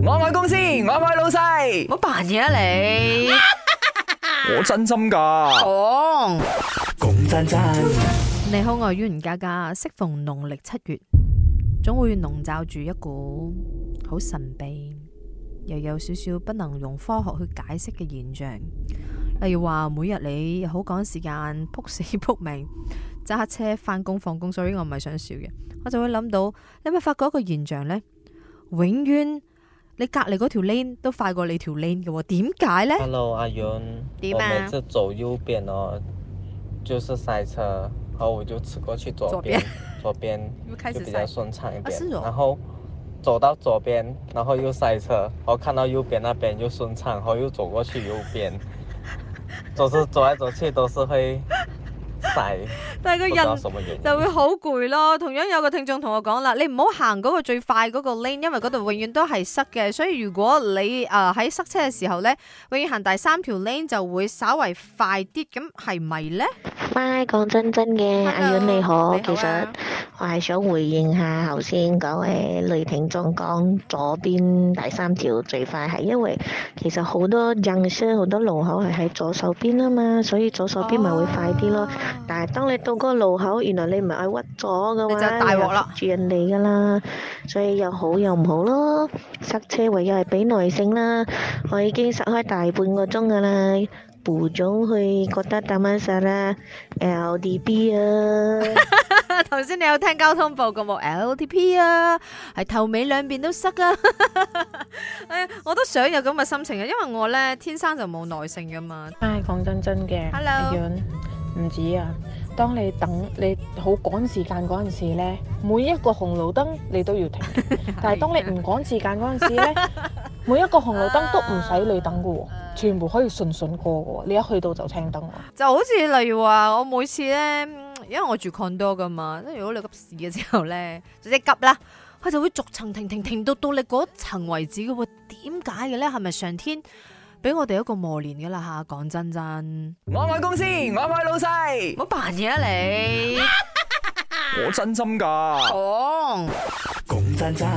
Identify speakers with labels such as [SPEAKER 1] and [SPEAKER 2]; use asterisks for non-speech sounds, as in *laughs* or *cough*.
[SPEAKER 1] 我愛公司，我愛老細，冇扮嘢啊你！ *laughs* *laughs* 我真
[SPEAKER 2] 心噶，講講真真。
[SPEAKER 1] 你好，我係袁嘉嘉，適逢農曆七月，總會籠罩住一股好神秘，又有少少不能用科學去解釋嘅現象。例如話，每日你好趕時間，撲死撲命揸車翻工放工，所以我唔係想笑嘅，我就會諗到，你有冇發覺一個現象呢？永遠。你隔籬嗰條 lane 都快過你條 lane 嘅喎，點解咧？Hello，
[SPEAKER 2] 阿勇，嗯啊、我每次
[SPEAKER 1] 走右邊哦，就是塞車，然後我就走過去左邊，左邊邊就比較順暢一點。 *laughs* 然後走到左邊，然後又塞車，然後 *laughs* 看到右邊那邊又順暢，然後又走過去右邊，
[SPEAKER 2] 都是 *laughs* 走來走去，都是會。 *laughs* 但係是， *laughs* 但係個人 *laughs* 就會好
[SPEAKER 1] 攰咯。同樣有個聽眾同我講啦，你唔好行嗰個最快嗰個 lane，因為嗰度永遠都係塞嘅。所以如果你啊喺塞車嘅時候呢，永遠行第三條 lane 就會稍為快啲。咁係咪呢？
[SPEAKER 2] 喂，講真真嘅，Hello, 阿遠你好。你好啊，其實我係想回應下頭先嗰位雷霆總講左邊第三條最快，係因為其實好多人車好多路口係喺左手邊啊嘛，所以左手邊咪會快啲咯。Oh. 但係當你到個路口，原來你唔係喺屈咗嘅話，就住人哋噶啦，所以又好又唔好咯。塞車唯有係俾耐性啦，我已經塞開大半個鐘噶啦。部總去覺得打乜事啦？LDP 啊，頭先
[SPEAKER 1] 你有聽交通報告冇？LDP 啊，係頭尾兩邊都塞啦。哎，我都想有咁嘅心情啊，因為我咧天生就冇耐性噶嘛。唉，講真真嘅，Hello！唔止啊！當你等你好趕時間嗰陣時咧，每一個紅綠燈你都要停，但係當你唔趕時間嗰陣時咧。每一個紅綠燈都唔使你等嘅喎，哦，全部可以順順過嘅喎，哦，你一去到就青燈啦。就好似例如話，我每次咧，因為我住 condo 噶嘛，即係如果你急事嘅時候咧，直接急啦，佢就會逐層停停停，停，停到到你嗰層為止嘅喎。點解嘅咧？係咪上天俾我哋一個磨練嘅啦？吓，講真真。我愛公司，我愛老細，唔好扮嘢啊你！我真心噶。講講真真。